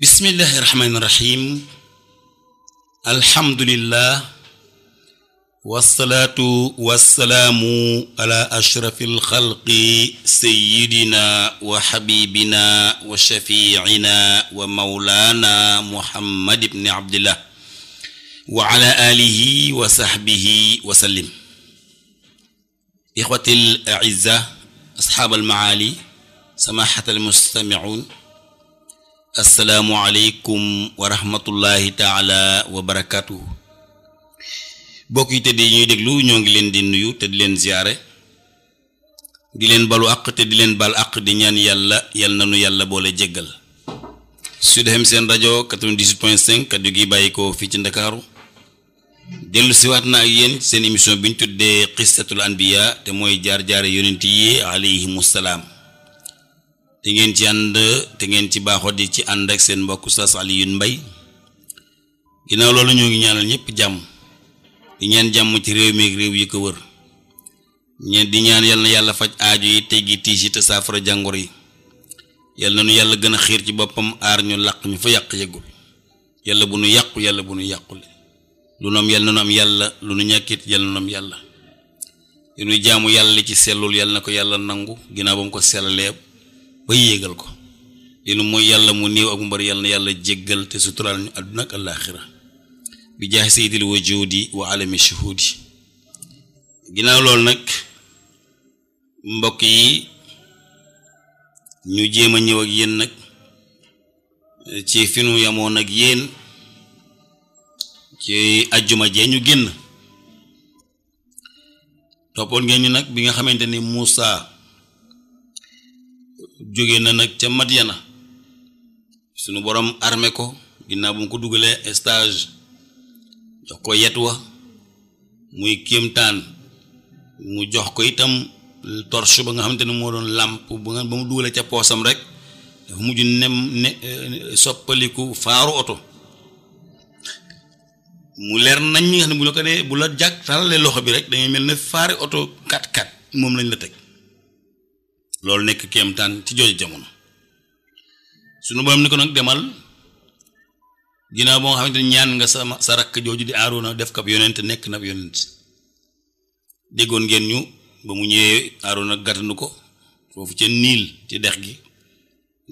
bismillahi irrahmaani irrahim alhamdulillah wassalaatu wassalaamu ala ashrafi alxalqi sayidina wa xabibina wa shafiicina wa maulana muhammad ibni abdillah wa ala alihi wa saxbihi wa sallim ixwati al aizza asxaab almaali samaxat almustamicuun asalaamualeykum wa rahmatullahi taala wa barakaatu. bokk yi te di ñuy déglu ñoo ngi leen di nuyu te di leen ziyaare di leen balu àq te di leen bal àq di ñaan yàlla yal nanu nu yàlla boole jéggal Sud FM seen rajo 98.5 kaddu gi bàyyi ko fii ci ndakaaru dellu siwaat na ak yéen seen émission bi ñu tuddee xistatul anbiya te mooy jaar jaare yonent yi alayhimu salaam te ngeen ci ànd te ngeen ci baaxoo di ci ànd ak seen mbokk Oustaz Alioune mbay ginnaaw loolu ñoo ngi ñaanal ñëpp jàmm di ñaan jàmm ci réew mi ak réew yi ko wër ñeen di ñaan yal na yàlla faj aajo yi teggi tiis yi te saafara jàngoro yi yal na nu yàlla gën a xiir ci boppam aar ñu làq ñu fa yàq yëgul yàlla bu nu yàqu yàlla bu nu yàqule lu nu am yàlla na nu am yàlla lu nu ñàkkit yàlla na nu am yàlla lu nu jaamu yàlla li ci sellul yàlla na ko yàlla nangu ginnaaw ba mu ko sellalee ba yéegal ko dinu mooy yàlla mu néew ak mu bari yàlla na yàlla jéggal te suturaal ñu àdduna ak àllaaxira bi jaaxe sayyidil wujudi wa alami shuhudi ginnaaw loolu nag mbokk yi ñu jéem a ñëw ak yéen nag ci fi nu yamoon ak yéen ci ajjuma jee ñu génn toppoon ngeen ñu nag bi nga xamante ni Moussa jóge na nag ca na sunu borom armé ko ginnaaw bu mu ko dugalee stage jox ko yet wa muy kéemtaan mu jox ko itam torche ba nga xamante ne moo doon làmp ba mu dugalee ca poosam rek mu mujj nem ne eh, soppaliku faaru oto mu leer nañ mi nga xam ne bu la ko dee bu la jàkk tàllalee loxo bi rek dangay mel ne faari oto 4 x moom lañ la teg loolu nekk kéemtaan ci jooju jamono sunu borom ni ko nag demal ginnaaw boo nga xamante nga sa rakk jooju di Aaruna def kab yonent nekk nab yonent déggoon ngeen ñu ba mu ñëwee Aaruna gàttandu ko foofu ci niil ci dex gi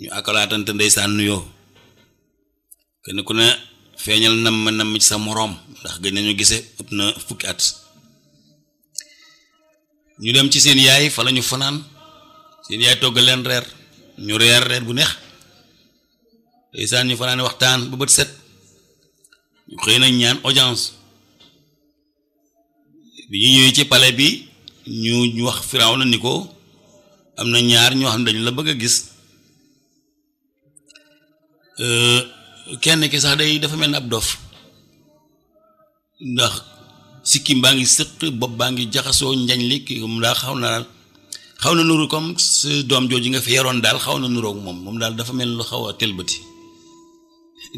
ñu akalaatante ndeysaan nuyoo kenn ku ne feeñal nam ma nam ci sa moroom ndax gën nañu gise ëpp na fukki at ñu dem ci seen yaay fa lañu fanaan seen yaay togg leen reer ñu reer reer bu neex ndeysaan ñu fanaane waxtaan ba bët set ñu xëy nañ ñaan audience bi ñu ñëwee ci pale bi ñu wax wax na ni ko am na ñaar ñoo xam ne dañu la bëgg a gis euh, kenn ki sax day dafa mel ni ab dof ndax sikkim baa ngi sëq bopp baa ngi jaxasoo njañ li ki mu daa xaw naa xaw na nuru comme su doom jooju nga fi yaroon daal xaw na nuroog moom moom daal dafa mel lu xaw a tëlbati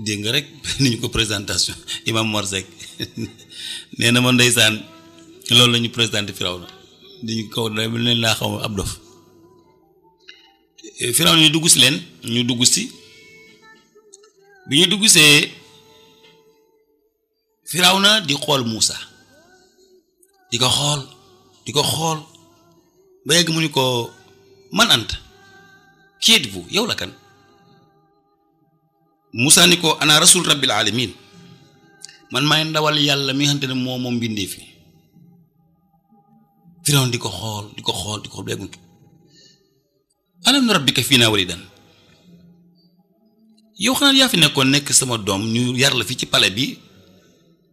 dégg nga rek ni ñu ko présentation imam Mor Seck nee na ma ndeysaan loolu la ñu présenté Firawna diñu kaw da leen laa xaw ab dof eh, Firawna ñu dugg si leen ñu dugg si bi ñu dugg see na di xool Muusa di ko xool di ko xool ba yegg mu ni ko man Anta qui êtes-vous yow la kan Moussa ni ko ana rasul rabbil alamin man maay ndawal yàlla mi nga ne moo moom mbindee fi Firawna di ko xool di ko xool di ko xool ba yegguñu alam nu rabbika fii naa walidan yow xanaa yaa fi nekkoon nekk sama doom ñu yar la fi ci pale bi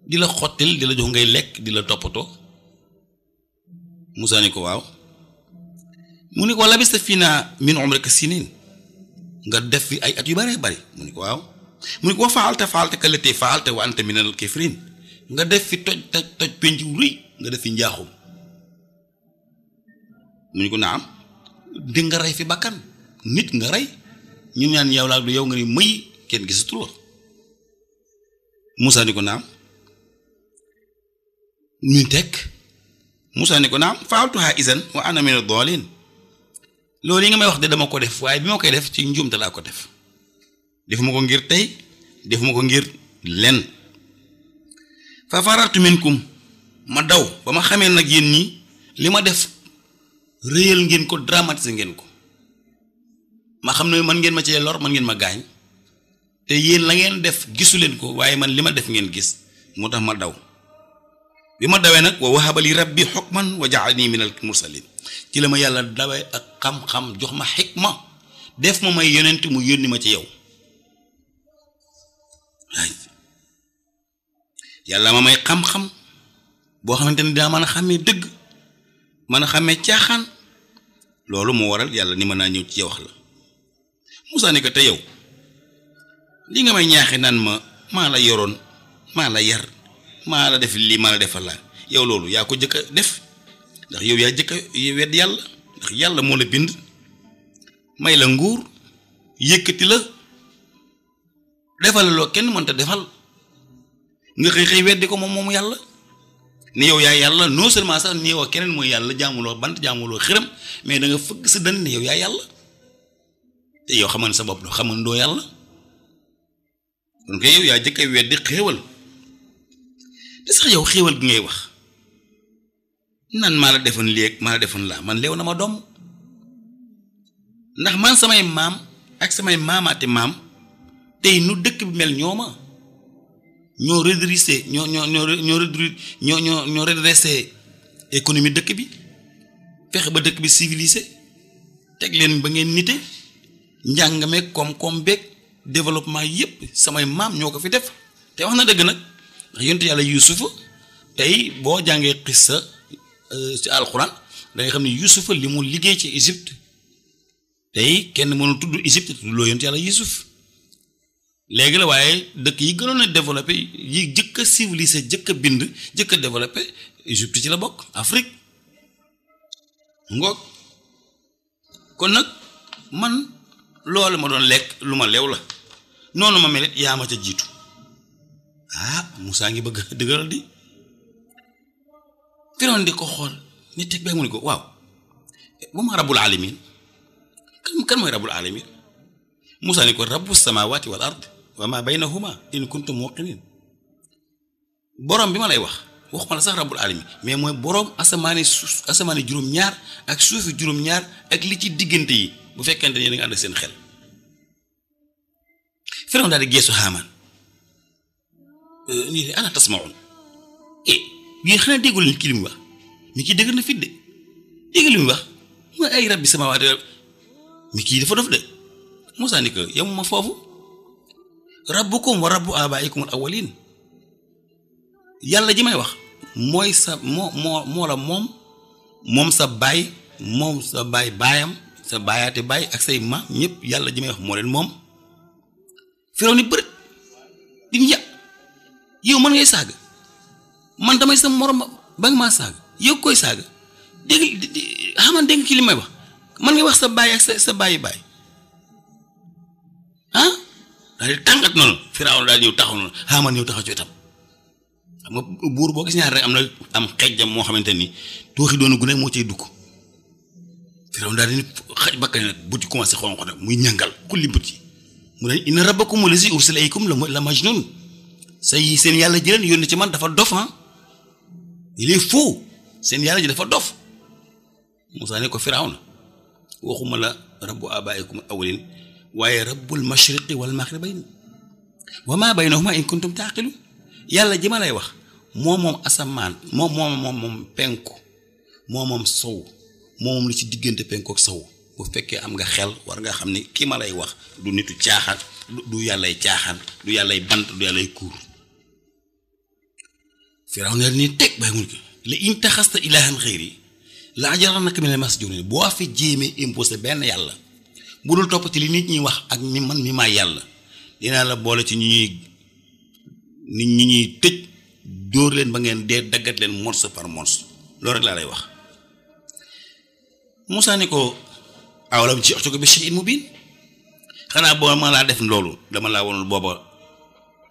di la xottil di la jox ngay lekk di la toppatoo musaa ni ko waaw mu ni ko wala bista fiina min umrika sinin nga def fi ay at yu bëree bëri mu ni ko waaw mu ni ko wa faalta faalta kallatee faalta anta minal kafirin nga def fi toj toj toj penc wu nga def fi njaaxum mu ni ko naam dinga nga rey fi bakkan nit nga rey ñu naan yow laa du yow nga ni mëy kenn gisatu la Moussa ni ko naam ñu tekk Moussa ni ko naam faaltuhaa izan wa ana minad daalin loolu yi nga may wax de dama ko def waaye bi ma koy def ci njuumte laa ko def defuma ko ngir tey defuma ko ngir lenn fafarartu minkum ma daw ba ma xamee nag yéen nii li ma def réyal ngeen ko dramatiser ngeen ko ma xam ne man ngeen ma cee lor man ngeen ma gaañ te yéen la ngeen def gisu leen ko waaye man li ma def ngeen gis moo tax ma daw bi ma dawee nag wa wahabali rabbi xukman wa jaalani min al mursalin ci la ma yàlla dawee ak xam-xam jox ma xikma def ma may yonent mu yónni ma ci yow yàlla ma may xam-xam boo xamante ni daa man a xàmmee dëgg mën a xàmmee caaxaan loolu moo waral yàlla ni mën naa ñëw ci wax la Moussa ne te yow li nga may ñaaxe naan ma maa la yoroon maa la yar maa la def lii maa la defal la yow loolu yaa ko jëkk a def ndax yow yaa jëkk a wedd yàlla ndax yàlla moo la bind may la nguur yëkkati la defal loo kenn mënta defal nga xëy xëy weddi ko moom moom yàlla ni yow yaay yàlla non seulement sax ni yow ak keneen mooy yàlla jaamuloo bant jaamuloo xërëm mais danga nga fëgg sa dënn ne yow yaay yàlla te yow xaman sa bopp doo xaman doo yàlla kon ko yow yaa jëkk a weddi xéewal te sax yow xéewal gi ngay wax nan maa la defoon léeg maa la defoon laa man leew na ma doom ndax man samay maam ak samay maamaate maam tey nu dëkk bi mel ñoo ma ñoo redressé ñoo ñoo ñoo ñoo ñoo ñoo ñoo redressé économie dëkk bi fexe ba dëkk bi civilisé teg leen ba ngeen nite njàngame koom-koom beeg développement yépp samay maam ñoo ko fi def te wax na dëgg nag yonent yàlla yuusufa tey boo jàngee xissa euh, ci alxuraan da nga xam ne yuusufa li mu liggéey ci Égypte tey kenn mënul tudd Égypte loo yonent yàlla yuusuf léegi la waaye dëkk yi gënoon na développé yi jëkk a civilisé jëkk bind jëkk a développé Égypte ci la bokk Afrique ngoog kon nag man loolu ma doon lekk lu ma lew la noonu ma mel yaa ma ca jiitu ah Moussa ngi bëgg dëgëral di Firoon di ko xool ni teg bee mu ne ko waaw bu ma rabbul alamin kan kan mooy rabbul alamin Moussa ni ko rabbu samawati wal ard wa ma baynahuma in kuntum muqinin borom bi ma lay wax waxuma la sax rabbul alamin mais mooy borom asamaani suuf asamaani juróom-ñaar ak suufi juróom-ñaar ak li ci diggante yi bu fekkente ne da nga seen xel Firoon daal di geesu nii euh, de ana tasmaun eh yéen xanaa déggu leen ki li mu wax mi kii dëgër na fit de dégg li mu wax mooy ay rabbi kii dafa dof de Moussa ni ko yemu ma foofu rabbukum wa rabbu abaikum al awalin yàlla ji may wax mooy sa moo moo moo moom moom sa baay moom sa baay baayam sa baayaate baay ak say maam ñëpp yàlla ji may wax moo leen moom firaw ni bërët di mu yow man ngay saaga man damay sa morom ba nga maa saaga yow koy saaga dégg xaman dégg ki li wax man ngay wax sa baay sa sa baayu baay ah daal di noonu Firawna daal ñëw taxaw noonu xaman ah, ñëw taxaw ci itam xam nga buur boo gis ñaar rek am na am xejjam moo xamante ni tooxi doonu gune moo cay dugg Firawna daal di xaj bakkan yi commencé xonq nag muy ñàngal ko bët yi mu ne inna rabbakum lazi ursila ilaykum la majnun say seen yàlla ji leen yónni ci man dafa dof ah il est seen yàlla ji dafa dof Moussa ne ko Firawna waxuma la rabbu abaa'ikum awwalin waaye rabbul mashriqi wal maghribayn wa maa baynahuma in kuntum taaqiluun yàlla ji ma lay wax moo moom asamaan moom moom moom penku moo moom sow moo moom li ci diggante penku ak sow bu fekkee am nga xel war nga xam ni kii ma lay wax du nitu caaxaan du yàllay caaxaan du yàllay bant du yàllay kuur firawn ne ni teg bàyyi muñ ko la in taxasta ilaahan xëyri la ajarannaka mina masjunin boo fi jéemee imposé benn yàlla bu dul toppati li nit ñi wax ak ni man mi may yàlla dinaa la boole ci ñu ñuy nit ñi ñuy tëj dóor leen ba ngeen dee daggat leen morceau par morceau loolu rek laa lay wax Moussa ni ko awalam ci oxtu ko bi shay'in mubin xanaa boo ma laa def loolu dama laa wonul booba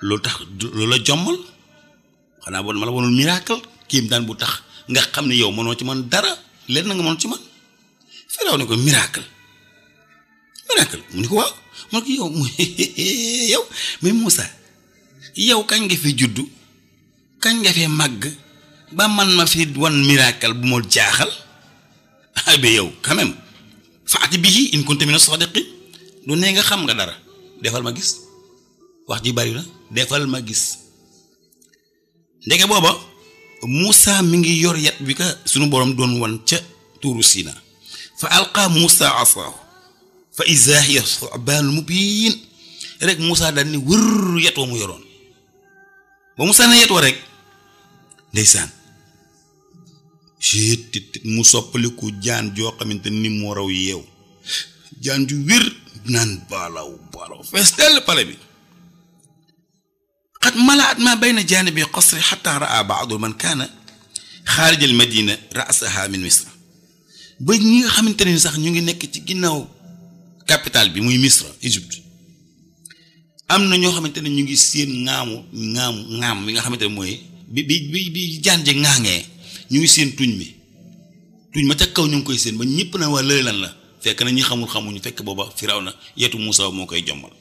lu tax lu la jommal xanaa bon ma la wonoon miracle kéem daan bu tax nga xam ne yow mënoo ci man dara lenn nga mënoo ci man Firaaw ne ko miracle mu ne ko waaw mu ne ko yow yow mais Moussa yow kañ nga fi juddu kañ nga fi màgg ba man ma fi wan miracle bu ma jaaxal ah yow quand même faati bihi in kunta mina sadiqin du ne nga xam nga dara defal ma gis wax ji bari na defal ma gis. ndege booba Moussa mi ngi yor yat bi ka sunu borom doon wan ca tuuru Sina fa alqa Moussa asaahu fa izaa hiya sabaan mubiin rek Moussa daal ni wër yat wa mu yoroon ba Moussa ne yat wa rek ndeysaan tt mu soppaliku jaan joo xamante ni moo raw yeew jaan ju wér naan baalaw baalaw fees dell pale bi at malaat ma bayna janibi qasri xata raa baadu man kaana xaarij al madina raasaha min misra ba ñi nga xamante ne sax ñu ngi nekk ci ginnaaw capital bi muy misra égypte na ñoo xamante ne ñu ngi seen ŋaamu ŋaamu ŋaam bi nga xamante ne mooy bi bi bi bi jaan je ñu ngi seen tuñ mi tuñ ma ca kaw ñu ngi koy seen ba ñëpp na waa lëy lan la fekk na ñi xamul xamuñu fekk booba firaw na yetu Muusa moo koy jommal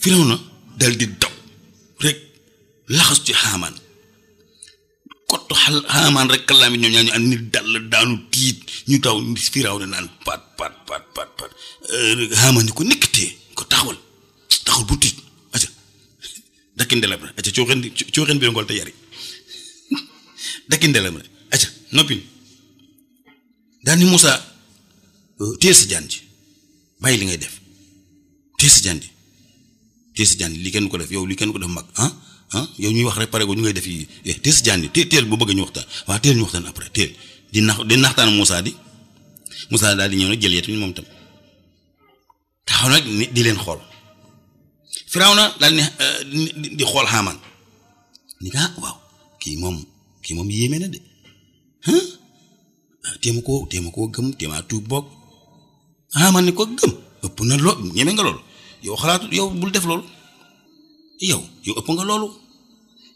Firawna dal di daw rek laxas ci xaamaan kottu xal xaamaan rek kàllaami ñoom ñaar ñu ànd nit dal daanu tiit ñu taw Firawna naan pat pat pat pat pat euh, ko nekkatee ko taxawal taxawal bu tiit aca dakkindelam rek aca cooxeen cooxeen bi ngol te yari dakkindelam rek aca noppin daal ni Moussa euh, téye sa jaan ji bàyyi li ngay def téye sa jaan Tiis Jaan li kenn ko def yow li kenn ko def mag ah ah yow ñuy wax rek pare ko ñu ngay def yi Tiis Jaan yi teel bu bëgg ñu waxtaan waaw teel ñu waxtaan après teel di nax di naxtaan Moussa di Moussa daal di ñëw nag jël yetuñu moom tam taxaw nag di leen xool Firawna daal eh, di di xool Haamaan ah, kii moom kii moom yéeme na de ah, ah téema koo koo gëm téema tuub boog Haamaan ni ko gëm ëpp na lool ñeme nga lool. yow xalaatu yow bul def loolu yow yow ëpp nga loolu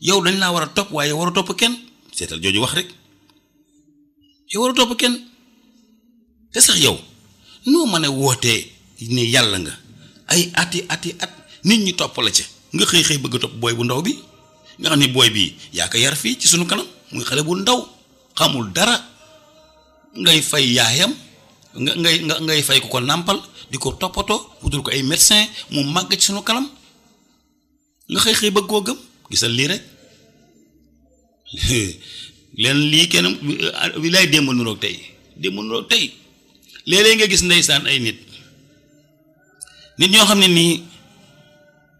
yow dañ laa war a topp waaye war a topp kenn seetal jooju wax rek yow war a topp kenn te sax yow noo mën a wootee ne yàlla nga ay ati ati at nit ñi topp la ci nga xëy xëy bëgg a topp booy bu ndaw bi nga xam ne booy bii yaa ko yar fii ci sunu kanam muy xale bu ndaw xamul dara ngay fay yaayam nga ngay fay ku ko nàmpal di ko toppatoo wutal ko ay médecin mu màgg ci sunu kanam nga xëy xëy bëgg koo gëm gisal lii rek leen lii kenn bi ah, démb nuroog tey démb nuroog tey léeg-léeg nga gis ndeysaan ay nit nit ñoo xam ne nii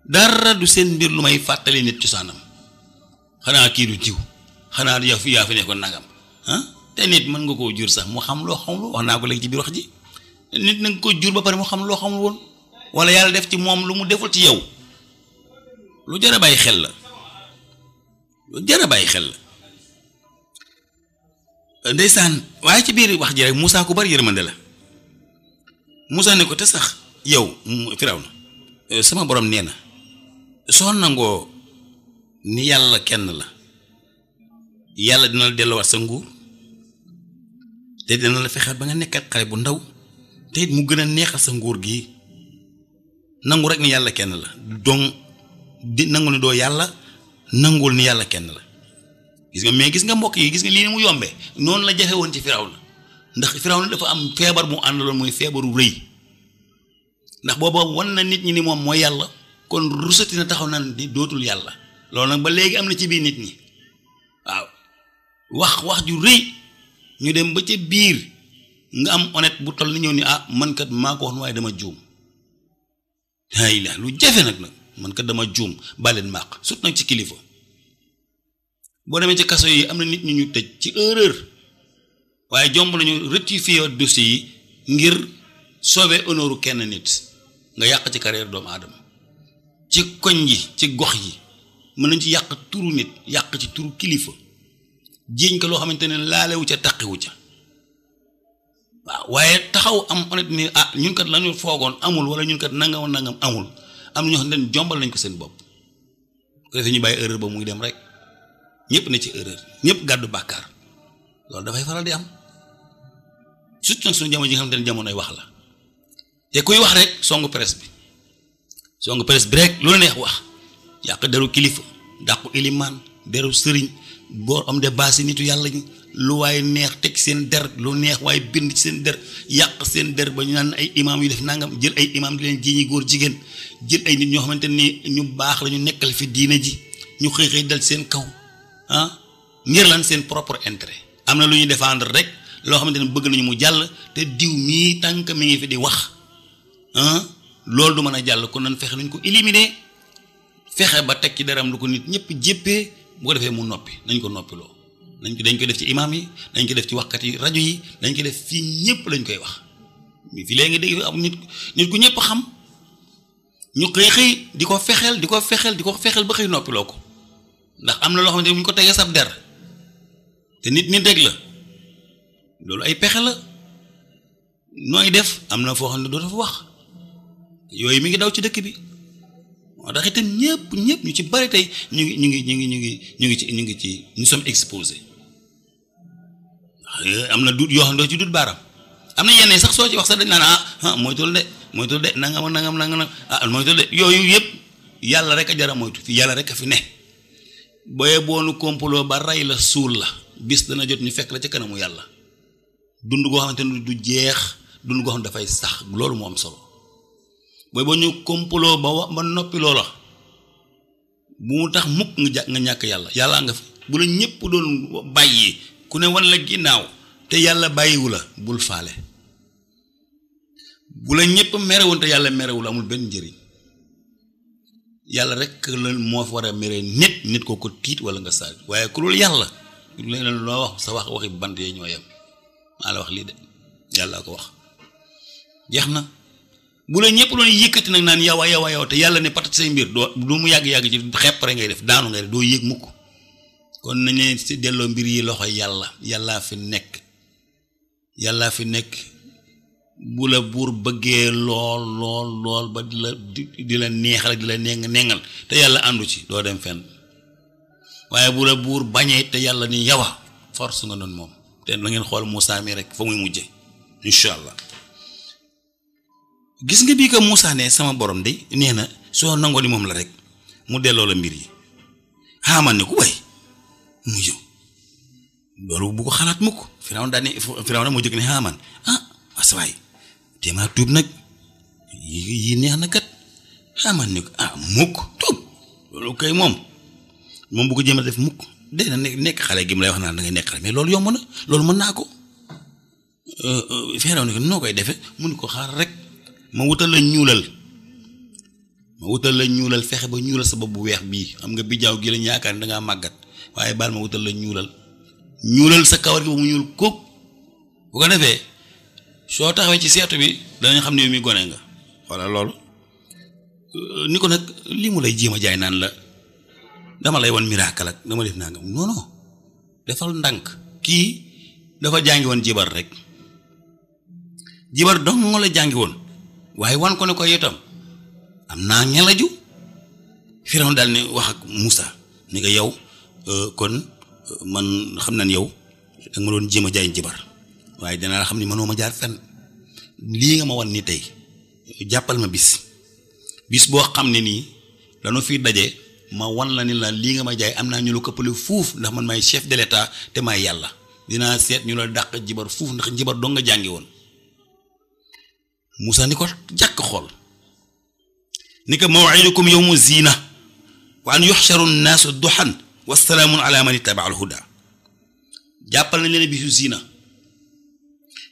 dara du seen mbir lu may fàttali nit cosaanam xanaa kii du jiw xanaa yaa fi yaa fi nekkoon nangam ah te nit mën nga koo jur sax mu xam loo xam loo wax naa ko léegi ci biir wax ji nit na nga ko jur ba pare mu xam loo xamul woon wala yàlla def ci moom lu mu deful ci yow lu jar a xel la lu jar a bàyyi xel la ndeysaan waaye ci biir wax ji rek Moussa ku bari yërmande la Moussa ne ko te sax yow Firawna euh, sama borom nee na soo nangoo ni yàlla kenn la yàlla dina la delluwaat sa nguur te dina la fexeel ba nga nekkat xale bu ndaw te mu gën a neexal sa nguur gi nangu rek ni yàlla kenn la donc di nangu ni doo yàlla nangul ni yàlla kenn la gis nga mais gis nga mbokk yi gis nga lii mu yombee noonu la jafe woon ci firaw la ndax firaw na dafa am feebar mu àndaloon mooy feebaru rëy ndax booba wan na nit ñi ni moom mooy yàlla kon rusati na taxaw nan di dootul yàlla loolu nag ba léegi am na ci biir nit ñi waaw wax wax ju rëy ñu dem ba ca biir nga am honnête bu toll ni ñëw ni ah man kat maa ko waaye dama juum hay lu jafe nag nag mën kat dama juum bàleen maaq surtout nag ci kilifa boo demee ci kaso yi am na nit ñu ñu tëj ci erreur waaye jomb nañu rectifier dossier yi ngir sauver honneuru kenn nit nga yàq ci carrière doomu aadama ci koñ yi ci gox yi mën nañ ci yàq turu nit yàq ci turu kilifa jiiñ ko loo xamante ne laalewu ca taqiwu ca waaw waaye taxaw am honnête nii ah ñun kat la ñu foogoon amul wala ñun kat nangam nangam amul am na ñoo xam ne jombal nañ ko seen bopp ko defee ñu bàyyi erreur ba muy dem rek ñëpp ne ci erreur ñëpp gàddu bàkkaar loolu dafay faral di am surtout nag suñu ji nga xamante jamonoy wax la te kuy wax rek songu presse bi songu presse bi rek lu la neex wax yàq deru kilifa dàqu ilimaan deru sëriñ boor am de baasi nitu yàlla ñi lu waaye neex teg seen der lu neex waaye bind ci seen der yàq seen der ba ñu naan ay imaam yu def nangam jël ay imaam di leen ji ñi góor jigéen jël ay nit ñoo xamante ni ñu baax la ñu nekkal fi diine ji ñu xëy xëy dal seen kaw ah ngir lan seen propre intérêt am na lu ñuy défendre rek loo xamante ni bëgg nañu mu jàll te diw mii tànk mi ngi fi di wax ah loolu du mën a jàll kon nan fexe nañ ko éliminer fexe ba teg ci deram lu ko nit ñëpp jéppee bu ko defee mu noppi nañ ko noppiloo nañ ko dañ koy def ci imaam yi dañ koy def ci waxkat yi rajo yi dañ koy def fii ñëpp lañ koy wax fii léegi dégg am nit nit ñëpp xam ñu xëy di ko fexeel di ko fexeel di ko fexeel ba xëy noppiloo ko ndax am na loo xamante ko tegee sab der nit nit rek la loolu ay pexe la nooy def am na foo xam ne doo dafa wax yooyu mi ngi daw ci dëkk bi waa tax itam ñëpp ñëpp ñu ci bari tey ñu ngi ñu ngi ñu ngi ñu ngi ñu ngi ci ñu ngi ci nous sommes exposés am na duut yoo xam ne doo ci duut baaraam am na yenn sax soo ci wax sax dañ naan ah, ah moytul de moytul de nangam nangam nangam ah, ah moytul de yooyu yëpp yàlla rek a jara moytu fi yàlla rek a fi ne boye boonu complot ba rey la suul la bis dana jot ñu fekk la ca kanamu yàlla dund koo xamante ne du jeex dund goo xam dafay sax loolu moom am solo booy ba ñu kompaloo ba wa ba noppi loola bu mu tax mukk nga ñàkk yàlla yàllaa nga fi bu la ñëpp doon bàyyi ku ne wan la ginnaaw te yàlla bàyyiwu la bul faale bu la ñëpp merewoon te yàlla merewul amul benn njëriñ yàlla rek la moo fa war a mere nit nit koo ko tiit wala nga saaj waaye ku dul yàlla leneen loo wax sa wax waxi bant yee ñoo yem maa la wax lii de yàlla ko wax jeex na bu la ñëpp doon yëkkati nag naan yow a yow a yow te yàlla ne patat say mbir doo du mu yàgg-yàgg ci xepp rek ngay def daanu ngay def doo yëg mukk kon nañ si delloo mbir yi loxo yàlla yàllaa fi nekk yàllaa fi nekk bu buur bëggee lool lool lool ba di la di la nengal te yàlla àndu ci doo dem fenn waaye bu la buur bañee te yàlla ni yow fors force nga doon moom te na ngeen xool Moussa mi rek fa muy mujje incha gis nga bii ko Moussa sama borom de neex na soo nangoo ni moom la rek mu delloo la mbir yi xaaman ah, ne ku way mu yow loolu bu ko xalaat mukk Firawna daan ne moo jëkk ne xaaman ah asawaay ah, téemaa tuub nag yi neex na kat xaaman ah, ni ko ah mukk tuub loolu kay moom moom bu ko jéem a def mukk de na nekk xale gi mu lay wax naa da nekk xale mais loolu yomb na loolu mën naa ko euh, euh, Firawna ko noo koy defe mun ko xaar rek ma wutal la ñuulal ma wutal la ñuulal fexe ba ñuulal sa bopp bu weex bii xam nga bijaaw gi lañ yaakaar ne dangaa màggat waaye baal ma wutal la ñuulal ñuulal sa kawar gi ba mu ñuul kóob bu ko defee soo taxawee ci seetu bi danañ xam ne yow mi gone nga walla loolu euh, ni ko nag li mu lay jéem a jaay naan la dama lay wan miracle ak dama def naa nga non defal ndànk kii dafa jàngi jibar rek jibar dong la jàngi woon waaye wan ko ne ko itam am naa ñelaju Firawna daal ne wax ak Moussa ni nga yow euh, kon euh, man xam naa ne yow da nga ma jéem a jaay jibar waaye danaa xam ne mënoo ma jaar fenn lii nga ma wan ni tey jàppal ma bis bis boo xam ne nii dañoo fi daje ma wan la ni la lii nga ma jaay am naa ñu la këppale fuuf ndax man maay chef de l'état te maay yàlla dinaa seet ñu la dàq jibar fuuf ndax jibar dong nga jàngi woon Moussa ni ko jàkk xool ni ko maw'idukum yawmu zina wa an yuxsharu nnaasu duxan wa salaamun ala man ittaba al huda jàppal nañ leen bisu zina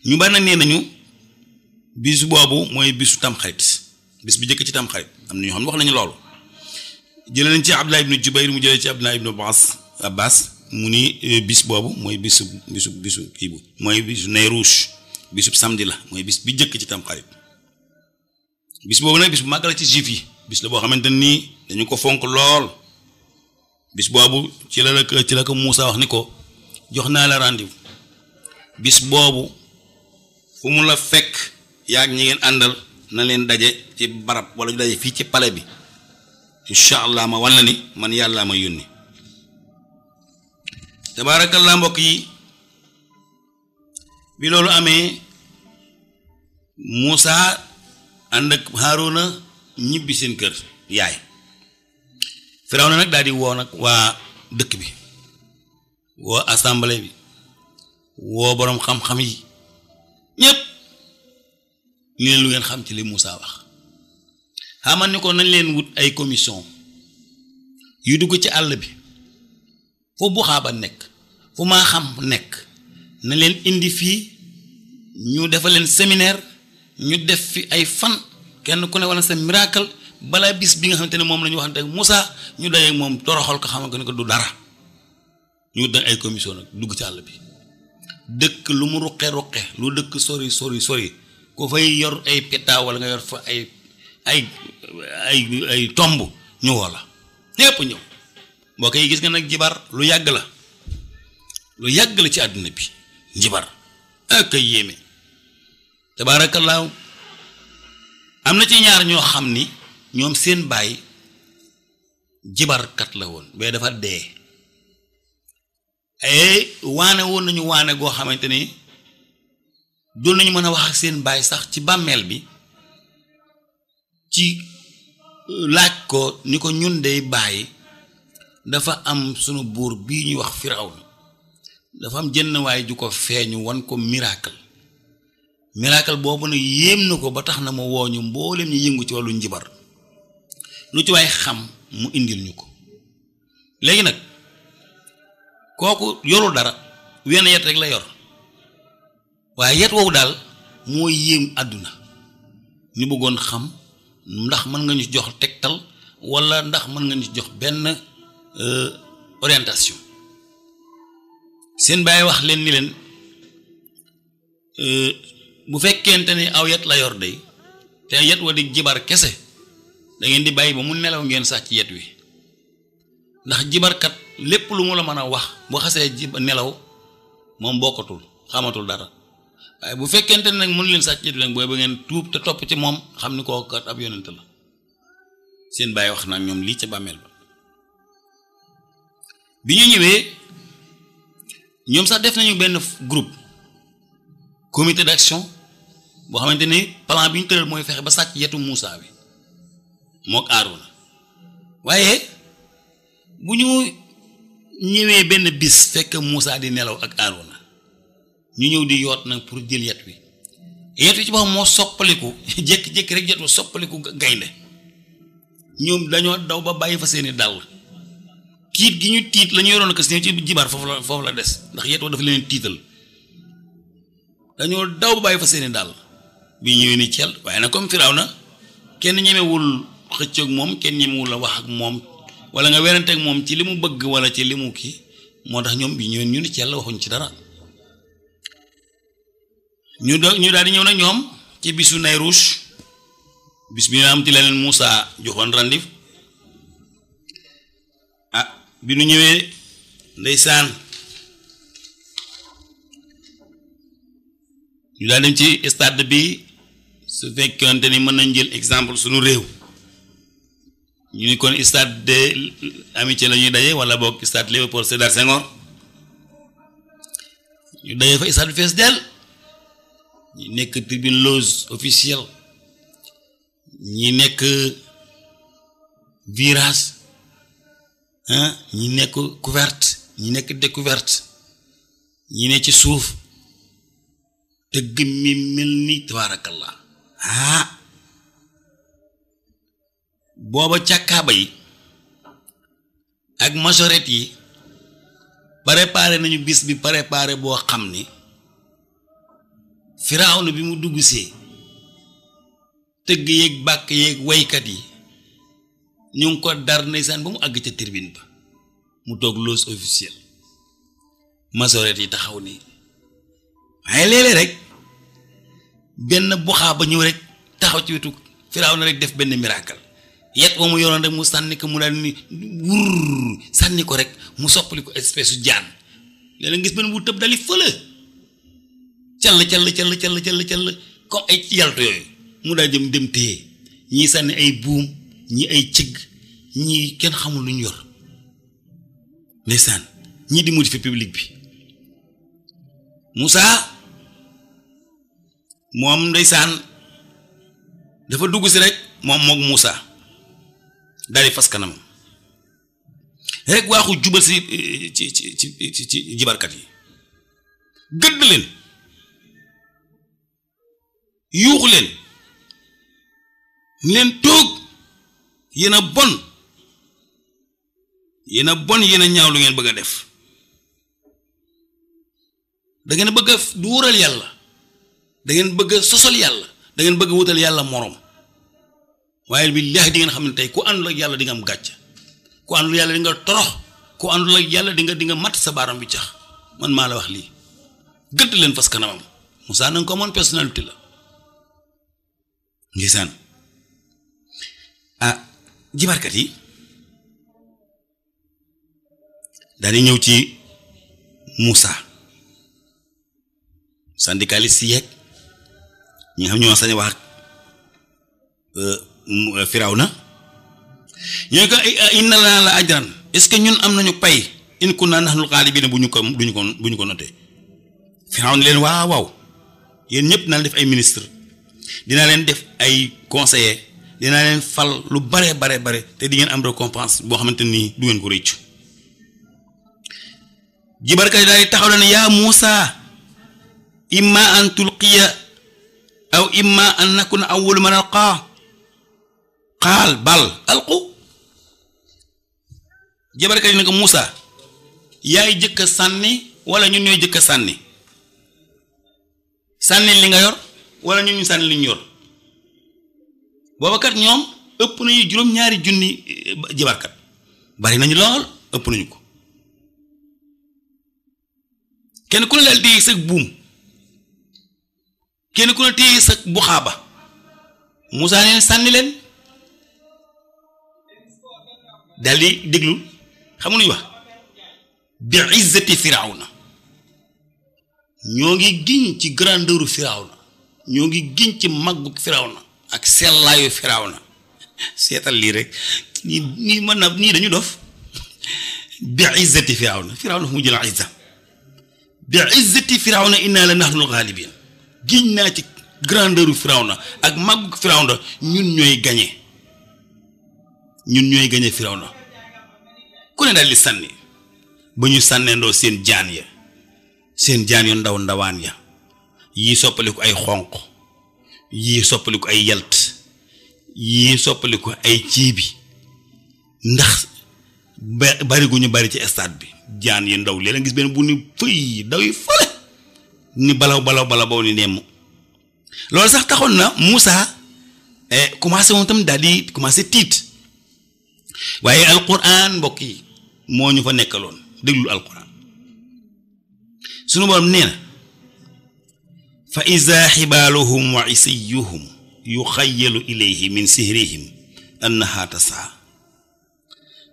ñu bari nag ne nañu bisu boobu mooy bisu tamxarit bis bi jëkk ci tamxarit am na ñoo xam ne wax nañu loolu jële nañ ci Abdullah ibnu Jubayr mu jëlee ci Abdullah ibnu Abbas Abbas mu ni eh, bis boobu mooy bisu bisu bisu kii bu mooy bisu bisub samedi la mooy bis bi njëkk ci tamxarit bis boobu nag bis bu màgg la ci juif yi bis la boo xamante nii dañu ko fonk lool bis boobu ci la la ci la ko Moussa wax ni ko jox naa la rendez bis boobu fu mu la fekk yaag ñi ngeen àndal na leen daje ci barab wala ñu daje fii ci pale bi incha allah ma walla ni man yàllaa ma yónni tabaarakallah mbokk yi bi loolu amee Moussa ànd ak Haaruna ñibbi seen kër yaay Firawna nag daal di woo nag waa dëkk bi woo assemblée bi woo boroom xam-xam yi ñépp ni leen lu ngeen xam ci li Moussa wax xamal ni ko nañ leen wut ay commission yu dugg ci àll bi fu buxaaba nekk fu maa xam nekk na leen indi fii ñu defal leen séminaire ñu def fi ay fan kenn ku ne wala sa miracle balaa bis bi nga xamante ne moom la wax waxante ak Moussa ñu dajeeg moom toroxal ko xamante ni ko du dara ñu dañ ay commission nag dugg ci àll bi dëkk lu mu ruqe ruqe lu dëkk sori sori sori ku fay yor ay péta wala nga yor fa ay ay tomb ñu woo la ñëpp ñëw mbokk yi gis nga nag jibar lu yàgg la lu yàgg la ci àddina bi jibar ak yéeme. te laaw am na ci ñaar ñoo xam ni ñoom seen baay jibarkat la woon bee dafa dee ay waane woon nañu waane goo xamante ni doon nañu mën a wax ak seen baay sax ci bàmmeel bi ci euh, laaj ko ni ko ñun dey bàyyi dafa am sunu buur bii ñuy wax firaw dafa am jënn waay ju ko feeñu wan ko miracle miracle boobu nag yéem na ko ba tax na mu woo ñu mbooleem ñu yëngu ci wàllu njibar lu ci waay xam mu indil ñu ko léegi nag kooku yorul dara wenn yet rek la yor waaye yet woowu daal moo yéem àdduna ñu bëggoon xam ndax mën nga ñu jox tegtal walla ndax mën nga ñu jox benn euh, orientation seen bàyyi wax leen ni leen euh, bu fekkente ni aw yet la yor day te yet wa di jibar kese dangeen ngeen di bàyyi ba mu nelaw ngeen sàcc yet wi ndax jibarkat lépp lu mu la mën a wax bu xasee jib nelaw moom bokkatul xamatul dara waaye bu fekkente ne nag mënu leen sàcc yet wi nag booy ba ngeen tuub te topp ci moom xam ni kooku kat ab yonent la seen bàyyi wax nag ñoom lii ci bàmmeel ba bi ñu ñëwee ñoom sax def nañu benn groupe comité d'action boo xamante ni plan bi ñu tëral mooy fexe ba sàcc yetu Moussa bi mook Aaroona waaye bu ñu ñëwee benn bis fekk Moussa di nelaw ak Aaroona ñu ñëw di yoot nag pour jël yet wi yet wi ci boppam moo soppaliku jékki-jékki rek yetu soppaliku gaynde ñoom dañoo daw ba bàyyi fa seeni dàll tiit gi ñu tiit la ñu yoroon ko si ci jibaar foofu la foofu la des ndax yet wa dafa leen tiital dañoo daw bàyyi fa seeni daal bi ñëwee ni cel waaye nag comme firaaw na kenn ñemewul xëccoog moom kenn ñemewul la wax ak moom wala nga weranteeg moom ci li mu bëgg wala ci li mu kii moo tax ñoom bi ñëwee ñu ni cel la ci dara ñu do ñu daal di ñëw nag ñoom ci bisu ruus bis bi nga am ci leneen Moussa joxoon rendez-vous ah bi nu ñëwee saan ñu daal dem ci stade bi su fekkante ni mën nañ jël exemple sunu réew ñu ni kon stade de amitié la ñuy daje wala boog stade Léopold Sédar Senghor ñu daje fa stade bi fees dell ñi nekk tribune loge officielle ñi nekk virage ñi nekk couverte ñi nekk découverte ñi ne ci suuf dëgg mi mel ni tabaarakallah ah booba càkkaaba yi ak masoret yi préparé nañu bis bi préparé boo xam ni firawna bi mu dugg see tëgg yeeg bàkk yeeg woykat yi ñu ngi ko dar ndeysaan ba mu àgg ca tribune ba mu toog loos officiel masoret yi taxaw ni waaye léeg-léeg rek benn buxaa ba ñëw rek taxaw ci wetu firaaw na rek def benn miracle yet ba mu yoroon rek mu sànni ko mu daal ni wurr sànni ko rek mu soppali ko espèce su jaan léeg-léeg gis benn bu tëb dali fële call call call call call call comme ay yaltu yooyu mu daal jëm dem téye ñii sànni ay buum ñii ay cëgg ñii kenn xamul lu ñu yor ndeysaan ñii di modifier public bi Moussa moom ndeysaan dafa dugg si rek moom moog Moussa daal di fas kanamam rek waaxu jubal si ci ci ci ci yi gëdd leen yuuxu leen ñu leen toog yéen a bon yéen a bon yéen a ñaaw lu ngeen bëgg a def dangeen bëgg a duural yàlla. da ngeen bëgg a sosal yàlla da bëgg wutal yàlla morom waaye billaahi di ngeen xam ne tey ku àndul ak yàlla dinga am gàcc ku àndul yàlla di nga torox ku àndul ak yàlla di nga di nga matt sa baaram bi cax man maa la wax lii gëdd leen fas kanamam Moussa nanga ko amoon personnalité la ngisaan ah jibarkat yi daal di ñëw ci Moussa si yeeg ñi nga xam ñoo sañ wax ak euh, firawna ñooy ko ah, inna lana la ajran est-ce que ñun am nañu pay in kunna nahnul xaalibiin bu ñu ko bu ñu ko bu ñu ko noté firawna leen waaw waaw yéen ñëpp naa def ay ministre dinaa leen def ay conseiller dinaa leen fal lu bare bare bare te di ngeen am récompense boo xamante nii du ngeen ko rëccu jibarkat daal di taxaw la ne yaa Muusa imma an tulqiya aw imma an nakuna awwalu man alqaa qaal bal alqu jabarkat yi ne ko Moussa yaay jëkk sànni wala ñun ñooy jëkk a sànni sànni li nga yor wala ñun ñu sànni li ñu yor booba kat ñoom ëpp nañu juróom-ñaari junni eh, jabarkat bari nañu lool ëpp nañu ko kenn ku ne daal di sëg buum. kenn ko ne téye sa buxaaba Moussa neen sànni leen daal di déglu xam nuñu wax bi izzati firawna ñoo ngi giñ ci grandeuru firawna ñoo ngi giñ ci màggug firawna ak sellaayu firawna seetal lii rek nii nii mën na nii dañu dof bi izzati firawna firawna fu mu jël izza bi izzati firawna inna la nahnu l-ghalibin giñ naa ci grandeur na ak màggu Firawna ñun ñooy gañe ñun ñooy gañe Firawna ku ne daal sànni ba ñu sànneendoo seen jaan ya seen jaan yu ndaw ndawaan ya yii soppaliku ay xonq yi soppaliku ay yalt yi soppaliku ay ciibi ndax ba bari ci stade bi jaan yi ndaw léeg gis benn bu ni fëy daw yi fële ni balaw balaw balaw loolu sax taxoon na Moussa eh, commencé woon tam daal di commencé tiit waaye alquran mbokk yi moo ñu fa nekkaloon déglu alquran sunu borom nee na fa iza xibaaluhum wa isiyuhum yuxayyalu ilayhi min sihrihim annaha tasaa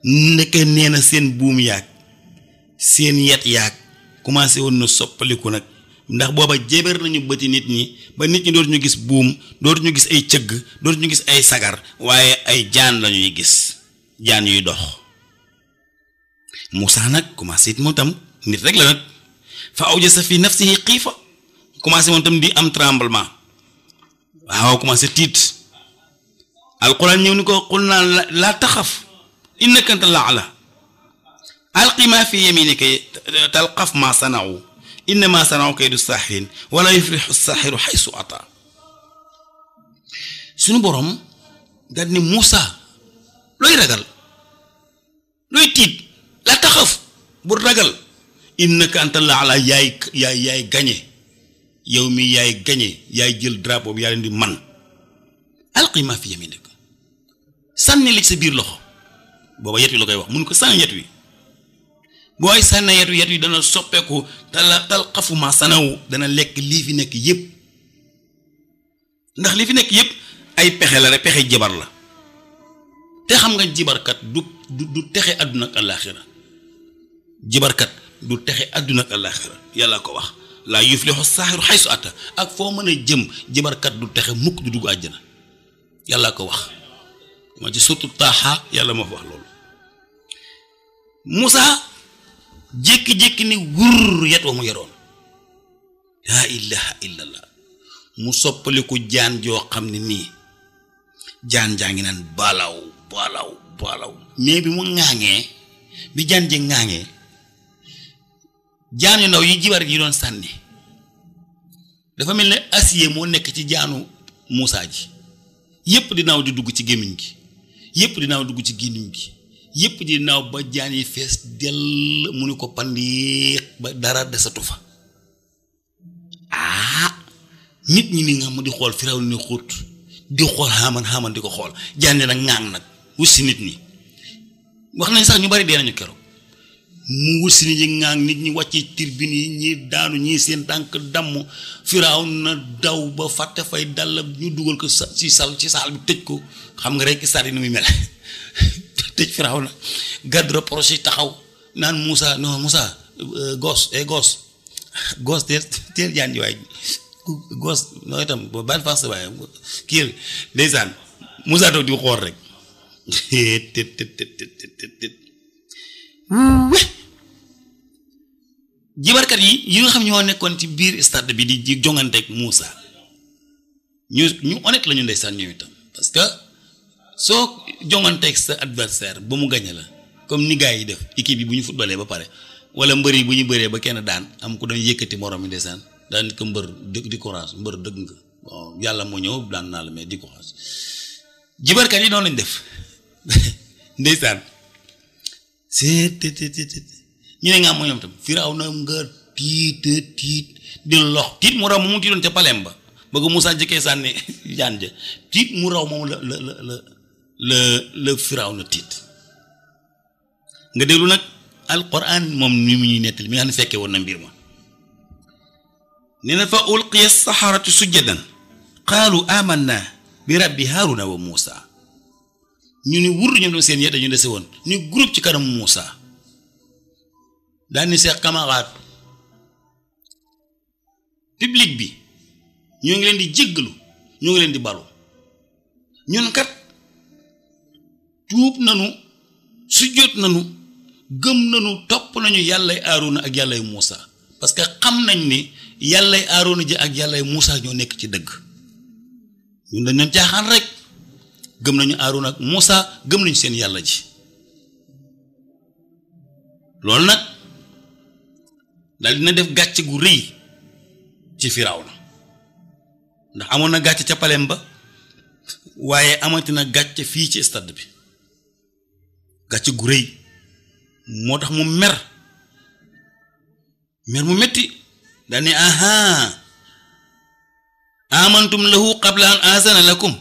ndeke nee na seen buum yaag seen yet yaag commencé woon na soppaliku nag ndax booba jéber nañu bëti nit ñi ba nit ñi ñu gis buum ñu gis ay cëgg ñu gis ay sagar waaye ay jaan lañuy gis jaan yuy dox Moussa nag commencé it moom tam nit rek la nag fa awjasa fi nafsihi xiifa commencé moom tam di am tremblement waaw commencé tiit alquran ñëw ni ko qul naa laa taxaf innaka anta la ala alqi ma fi yaminika talqaf ma sanau innama sanau kaydu saaxirin wala yuflixu saaxiru xaysu ata suñu boroom daal ni Muusa looy ragal looy tiit la taxaf bu ragal innaka anta la ala yaay yaay gañe yow mi yaay gañe yaay jël drapeau bi yaa leen di man alqi ma fi yaminik sànni li sa biir loxo booba yet wi la koy wax mun ko sànni yet wi bu ay sànna yetu yetu yi dana soppeeku tal tal xafuma sanawu dana lekk lii fi nekk yëpp ndax lii fi nekk yëpp ay pexe la rek pexe jabar la te xam nga jibarkat du texe àdduna ak jibarkat du texe àdduna ak àllaaxira yàlla ko wax laa yuflixu saaxiru xaysu atta ak foo mën a jëm jibarkat du texe mukk du dugg àjjana yàlla ko wax ma ci surtout taaxa yàlla moo fa wax loolu jékki-jékki ni wurr yet wa mu yoroon laa ilaha illallah mu soppaliku jaan joo xam ne nii jaan jaa ngi naan baalaw baalaw baalaw mais bi mu ŋaaŋee bi jaan ji ŋaaŋee jaan yu ndaw yi jibar yi doon sànni dafa mel ne acier moo nekk ci jaanu Moussa ji yépp naw di dugg ci gémmiñ gi yépp dinaaw dugg ci gémmiñ gi yëpp di naaw ba jaan yi fees dell mu ni ko pandiix ba dara desatu fa ah nit ñi ni nga mu di xool firaw ni xóot di xool xaman xaman di ko xool jaan yi nag ŋaang nag wut si nit ñi wax nañ sax ñu bari dee nañu keroog mu wut si nit ñi ŋaang nit ñi wàcce tirbin yi ñi daanu ñi seen tànk dàmm firaaw na daw ba fàtte fay dal ñu dugal ko sa ci sal ci saal bi tëj ko xam nga rekk saat yi ni muy mel tëj firaw na garde rapproché taxaw naan Moussa non Moussa gos gos gos teel teel jaan ji waay gos noo itam boo baal fas waaye kii ndeysaan Moussa toog di xool rek tët jibarkat yi yi nga xam ñoo nekkoon ci biir stade bi di jongante ak Moussa ñu ñu honnête la ñu ndeysaan ñoom itam soo jonganteeg sa adversaire ba mu gañe la comme ni gars yi def équipe yi bu ñu footballee ba pare wala mbër yi bu ñu bëree ba kenn daan am ku doon yëkkati morom yi desaan daan ko mbër di courage mbër dëgg nga bon yàlla moo ñëw daan naa la di courage jibarkat yi noonu lañ def ndeysaan ñu ne nga am moo ñoom tam firaaw na nga tiit tiit di lox tiit mu raw ca palem ba bëgg Moussa jëkkee sànni jaan ja moom la la la la la firaaw na tiit nga déglu nag alquran moom ni mu ñuy nettali mi nga xam ne fekkee woon na mbir ma nee na fa ulqiya saxaratu sujjadan qaalu amanna bi rabbi haaruna wa muusa ñu ni wurr ñoom seen yedda ñu dese woon ñu groupe ci kanamu muusa daal ni seex camarade public bi ñoo ngi leen di jéggalu ñoo ngi leen di balu ñun kat tuub nanu sujjóot nanu gëm nanu topp nañu yàllay aaruna ak yàllay muusa parce que xam nañ ni yàllay aaruna ji ak yàllay muusa ñoo nekk ci dëgg ñun dañ leen caaxaan rek gëm nañu aaruna ak muusa gëm nañu seen yàlla ji loolu nag dal dina def gàcce gu rëy ci Firawna ndax amoon na gàcce ca palem ba waaye amati na gàcce fii ci stade bi gàcce gu rëy moo tax mu mer mer mu metti daane ahaa amantum lahu qabla an aazana lakum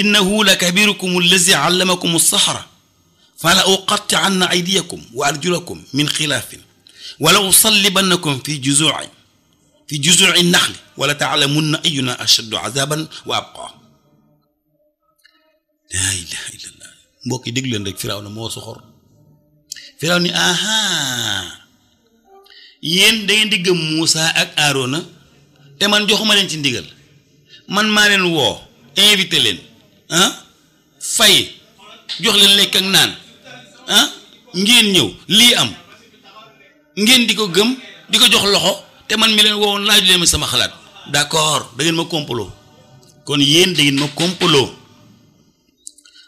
innahu la kabirukum allazi allamakum as-sahra fala uqatti'anna aydiyakum wa arjulakum min xilaafin wala usallibannakum fi juzuu'i fi juzuu'i naxli wala taalamunna ayuna ashaddu azaban wa abqa laa ilaha illa allah mbokk yi dégg leen rek firaaw na moo soxor firaaw ni ahaa yéen da di gëm Moussa ak Aarona te man joxuma leen ci ndigal man maa leen woo invité leen ah, fay jox leen lekk ak naan ah, ngeen ñëw lii am ngeen di ko gëm di ko jox loxo te man mi leen woowoon laaju leen ma sama xalaat d'accord da ma kompaloo kon yéen da ngeen ma kompaloo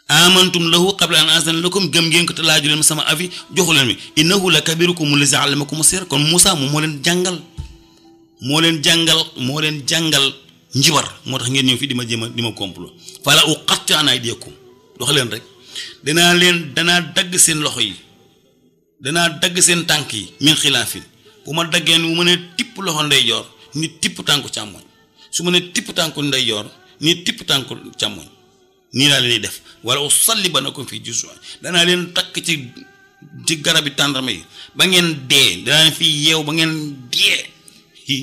amantum lahu qabla an azana lakum gëm ngeen ko te laaju leen ma sama afi joxu leen mi innahu la kabirukum allazi allamakum sir kon Moussa moom moo leen jàngal moo leen jàngal moo leen jàngal njibar moo tax ngeen ñëw fii di ma jéem a di ma xat fala uqatti'anna aydiyakum dox leen rek danaa leen danaa dagg seen loxo yi danaa dagg seen tànk yi min xilaafin bu ma daggeen ni bu ma ne tipp loxo ndeyjoor nit tipp tànku càmmoñ su ma nee tipp tànku ndeyjoor ni tipp tànku càmmoñ nii laa leen def wala usallibanakum fi juzuu danaa leen takk ci ci garabi tàndarma yi ba ngeen dee danaa leen fi yeew ba ngeen dee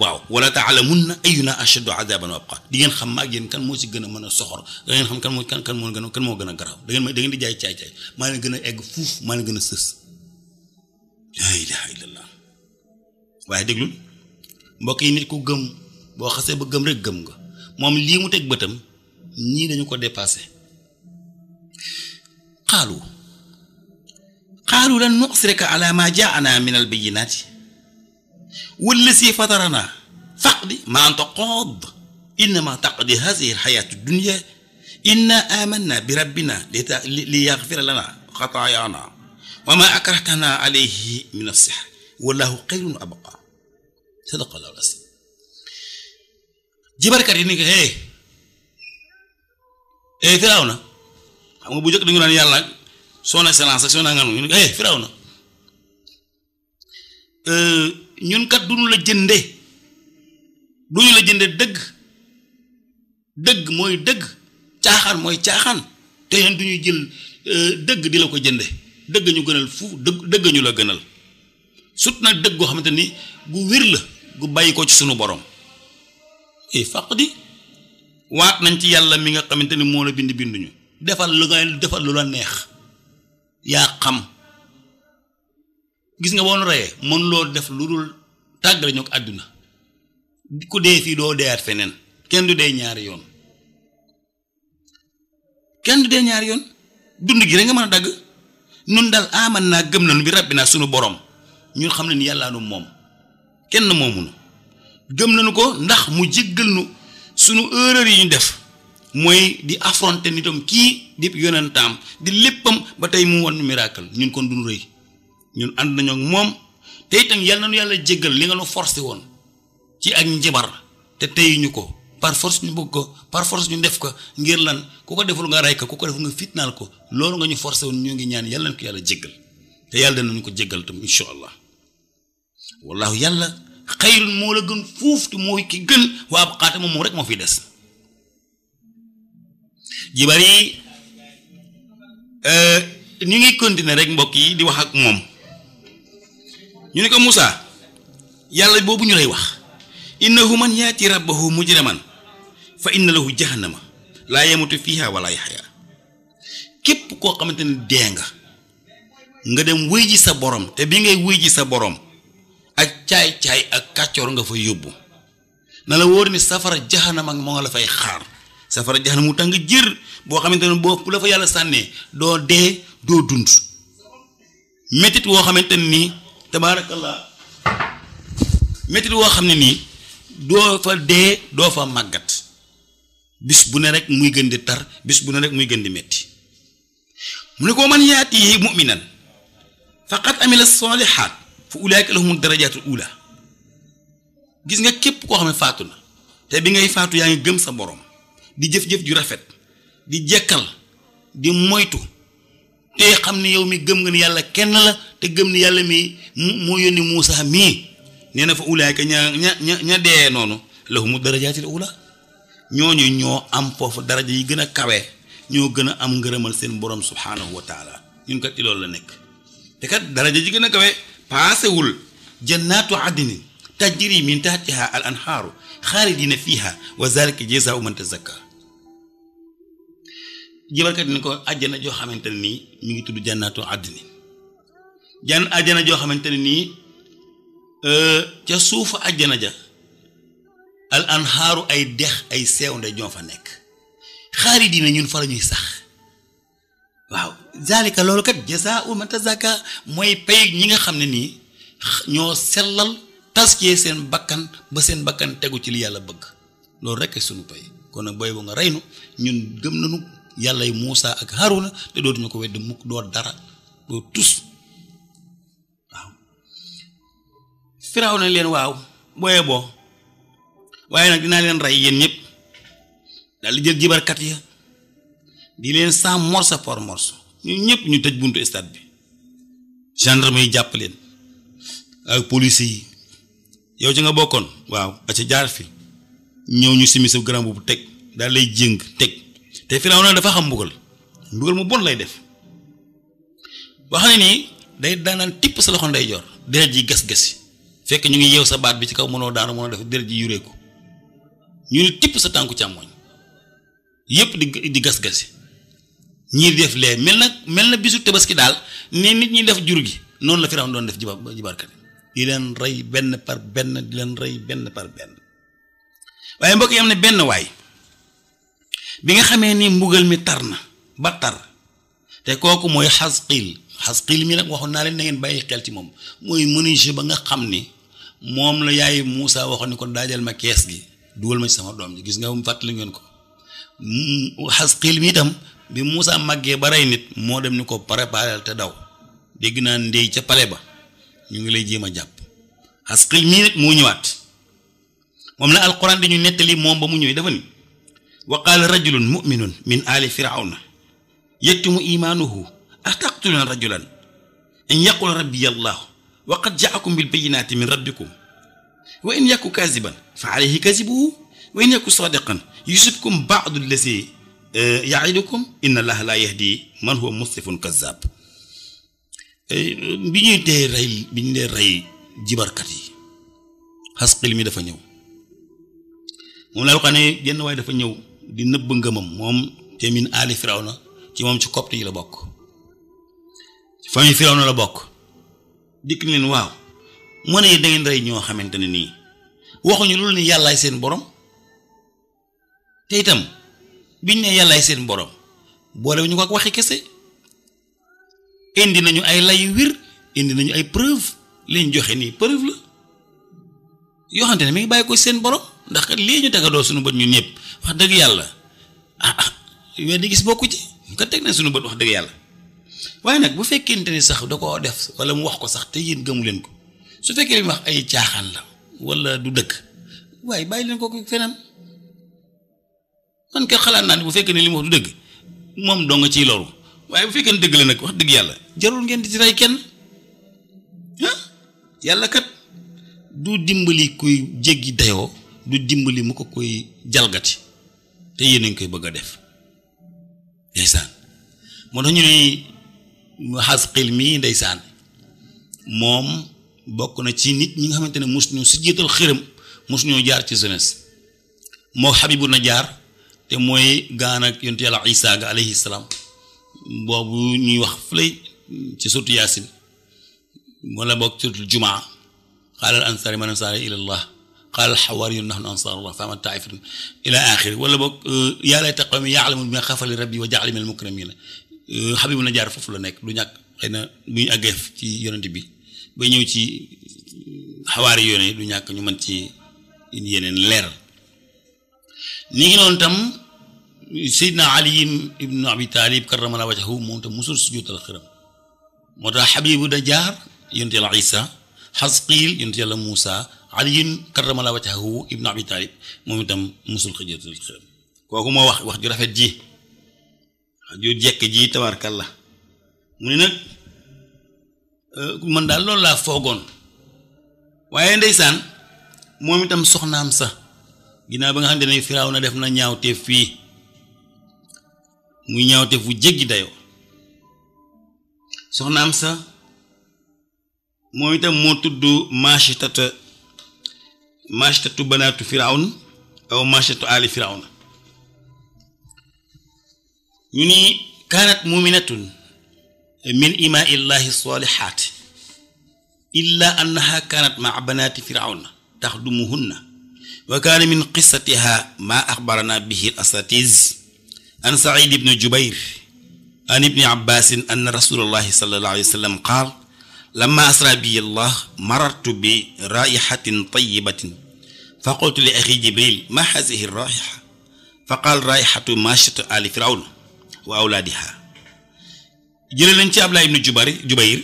waaw wala taalamunna ayuna ashaddu adaban wa abqa di ngeen xam maag yéen kan moo si gën a mën a soxor da ngeen xam kan moo kan kan gën a kan moo gën a garaaw da ngeen da di jaay caay-caay maa leen gën a egg fuuf maa leen gën a sës laa ilaha illallah waaye déglul mbokk yi nit ku gëm boo xasee ba gëm rek gëm nga moom lii mu teg bëtam ñii dañu ko dépassé xaalu xaalu lan nuxsiraka ala ma jaana min al bayinaati wala si fatarana faqdi ma anta qaad innama taqdi hadihi al xayaatu dunia inna amanna bi rabbina li yaxfira lana xataayaana wa ma akrahtana alayhi min alsihr wallahu xayrun abqa sadaqa allahu l asi jibarkat yi ni ko eh na xam nga bu njëkk dañu naan yàlla ak son excellence ak son engagement ñu ne eh Firawna eh, ñun kat duñu la jënde duñu la jënde dëgg dëgg mooy dëgg caaxaan mooy caaxaan te yéen duñu jël eh, dëgg di la ko jënde dëgg ñu gënal fu dëgg dëgg ñu la gënal sut na dëgg goo xamante ni gu wér la gu bàyyi ko ci sunu borom e eh, faq di waat nañ ci yàlla mi nga xamante ni moo la bind binduñu defal lu nga defal lu la neex yaa xam gis nga boo nu reyee mën loo def lu dul tàggale ñoo ko àdduna ku dee fii doo deeyaat feneen kenn du dee ñaari yoon kenn du dee ñaari yoon dund gi rek nga mën a dagg nun dal aman naa gëm nañu bi rabbi naa sunu borom ñun xam ne ni yàllaa moom kenn moomunu gëm nañu ko ndax mu jéggal nu sunu erreur yi ñu def mooy di affronter nitam kii di yonentaam di léppam ba tey mu won miracle ñun kon duñu rëy ñun ànd nañoo moom te itam yal na nu yàlla jéggal li nga nu forcé woon ci ak njabar te teyuñu ko par force ñu bëgg ko par force ñu def ko ngir lan ku ko deful nga rey ko ku ko deful nga fitnaal ko loolu nga ñu forcé woon ñoo ngi ñaan yàlla nañ ko yàlla jéggal te yàlla danañ ko jéggal tam incha allah wallahu yàlla xayrun moo la gën fuuf te mooy ki gën waa ab xaate moom moom rek moo fi des jibar yi euh, ñu ngi continuer rek mbokk yi di wax ak moom ñu ne ko Moussa yàlla boobu ñu lay wax innahu man yaati rabbahu mujriman fa inna lahu jahannama laa yamutu fiiha wala yaxya képp koo xamante ni dee nga nga dem wuy ji sa borom te bi ngay wuy ji sa borom ak caay-caay ak kàccoor nga fa yóbbu na la wóor ni safara jaxanam ak moo nga la fay xaar safara jaxanam mu tàng jër boo xamante ne boo yàlla sànnee doo woo xamante ne nii tabaarakallah métit woo xam ne nii doo fa dee doo fa màggat bis bu ne rek muy gën di tar bis bu ne rek muy gën di metti mu ne ko man yaatihi muminan faqad amila salihat fa ulaayka lahum darajaatul ula gis nga képp koo xam ne faatu na te bi ngay faatu yaa ngi gëm sa borom di jëf-jëf ju rafet di jëkkal di moytu te xam ne yow mi gëm nga ni yàlla kenn la te gëm ni yàlla mi moo yónni Muusa mii nee na fa ulaayka ña ña ña ña dee noonu lahumu darajaatil ula ñooñu ñoo am foofu daraja yi gën a kawe ñoo gën a am ngërëmal seen borom subhaanahu wa taala ñun kat ci loolu la nekk te kat daraja ji gën a kawe paasewul jannaatu adnin tajri min tahtiha al anhaaru xaalidina fiiha wa zalika jazaau man tazakka jibarkat ni ko àjjana joo xamante ne nii mi ngi tudd jannaatu adnin jan àjjana joo xamante ne nii euh, ca suufa àjjana ja al anhaaru ay dex ay seew nde ñoo fa nekk xaalidina ñun fa ñuy sax waaw zalika loolu kat jazaa'u man tazakka mooy pay ñi nga xam ne nii ñoo sellal taskee seen bakkan ba seen bakkan tegu ci li yàlla bëgg loolu rek suñu pay kon nag booy bu nga reynu ñun gëm nañu yàllay yi Muusa ak Haruna te dootuñu ko wedd mukk doo dara doo tus waaw firaaw nañ leen waaw booyee boo waaye nag dinaa leen rey yéen ñëpp daal di jël jibarkat ya di leen sans morceau par morceau ñun ñëpp ñu tëj buntu stade bi gendarme yi jàpp leen ak police yow ci nga bokkoon waaw a ci jaar fi ñëw ñu simi sa grand boobu teg daal lay jéng teg te naa dafa xam mbugal mbugal mu bon lay def wax ne nii day daanal tipp sa loxo ndeyjoor deret ji gas-gas yi fekk ñu ngi yeew sa baat bi ci kaw mënoo daanu mënoo def deret ji yureeku ñu ni tipp sa tànku càmmoñ yépp di di gas-gas yi ñii def lee mel na mel na bisu tabaski daal ne nit ñi def jur gi noonu la Firawna doon def jibar jibarkat yi di leen rey benn par benn di leen rey benn par benn waaye mbokk yi am na benn waay bi nga xamee ni mbugal mi tar na ba tar te kooku mooy xasqiil xasqiil mi nag waxoon naa leen na ngeen bàyyi xel ci moom mooy menuisier ba nga xam ni moom la yaay Moussa waxoon ni ko daajal ma kees gi dugal ma ci sama doom ji gis nga mu fàttali ngeen ko xasqiil bi Moussa màggee ba nit moo dem nu ko préparel te daw dégg naa ndéy ca pale ba ñu ngi lay jéem a jàpp asqil mii mu moo ñëwaat moom la alquran di ñu nettali moom ba mu ñëwee dafa ni wa qaala rajulun muminun min aali firawna yaktumu imaanuhu ataqtuluna rajulan an yaqul rabbiya allah wa qad jaakum bil bayinaati min rabbikum wa in yaku kaziban fa alayhi kazibuhu wa in yaku sadiqan yusibkum baadu lasi Eh, yaidukum inna allaha la yahdi man huwa musrifun kazzab eh, bi ñuy dee rey bi ñu dee rey jibarkat yi xasqil mi dafa ñëw moom laa waxaa ne jenn waaye dafa ñëw di nëbb ngëmam moom te min aali firawna ci moom ci copte yi la bokk ci famille firawna la bokk dikk leen waaw mu ne da rey ñoo xamante ne nii waxuñu loolu ni yàllaay seen borom te itam biñ ne yàllaay seen borom boole ñu ko ak waxi kese indi nañu ay lay wir indi nañu ay preuve liñ joxe nii preuve la yoo xamante ne mi ngi bàyyi ko seen borom ndax lii ñu tegadoo suñu bët ñu ñëpp wax dëgg yàlla ah ah weddi gis bokku ci ñu ko teg nañ suñu bët wax dëgg yàlla waaye nag bu fekkente ne sax da koo def wala mu wax ko sax te yéen gëmu leen ko su fekkee li mu wax ay caaxaan la wala du dëkk waaye bàyyi leen ko feneen man kay xalaat naa ne bu fekkee ne li mu du dëgg moom doo nga ciy loru waaye bu fekkee ne dëgg la nag wax dëgg yàlla jarul ngeen di ci rey kenn yàlla kat du dimbali kuy jéggi dayoo du dimbali mu ko koy jalgati te yéen koy bëgg a def ndeysaan moo tax ñu ne xasqil mii ndeysaan moom bokk na ci nit ñi nga xamante ne mus ñu si jiital xërëm mus ñoo jaar ci jeunesse moo xabibu na jaar te mooy gaan ak yontu yàlla isa ga alayhi salaam boobu ñuy wax fële ci surtu yaasin wala boog surtu jumaa qaala al ansaari man ansaari ila allah qaala al xawaariyun nahnu ansaarullah faman taaifatu ila axiri wala boog uh, yaa layta qawmi yaalamuun bimaa xaafa li rabbi wa jaalani min al mukramiina uh, na jaar foofu la nekk lu ñàkk xëy na bu ñu ci ba ñëw ci xawaari yoone ñàkk ñu mën ci yeneen leeral ni ngi tam Seydina Ali ibnu Abi Talib karramala wajhahu moom tam musul sujjóotal xëram moo tax Habibu Najjaar yonent yàlla Isa Xasqiil yonent yàlla Muusa Ali karramala wajhahu ibnu Abi moom itam musul sujjóotal xëram kooku moo wax wax ju rafet ji wax ju jekk ji la mu ne nag man daal loolu laa foogoon waaye ndeysaan moom itam soxnaam sa ginnaaw bi nga xam ne firaaw na def na ñaawteef fii mu ñaawteef bu jéggi dayoo soxnaam sa moom itam moo tudd maasitata maasitatu banaatu firaawn aw maasitatu aali firaawn ñu ni kaanat muminatun min imaa illahi saalihaat illa annaha kaanat maa banaati firaawn taxdumuhunna wa kaana min qissatiha ma axbarana bihi al asatiz an said ibni jubair an ibni abbasin anna rasulallahi sallallahu alayhi wa sallam qaal lamma asra bi allah marartu bi raihatin tayibatin fa qultu li axi jibril ma hazihi raiha fa qaal raihatu mashatu ali firawn wa awlaadiha jële nañ ci ablaay ibnu jubair jubair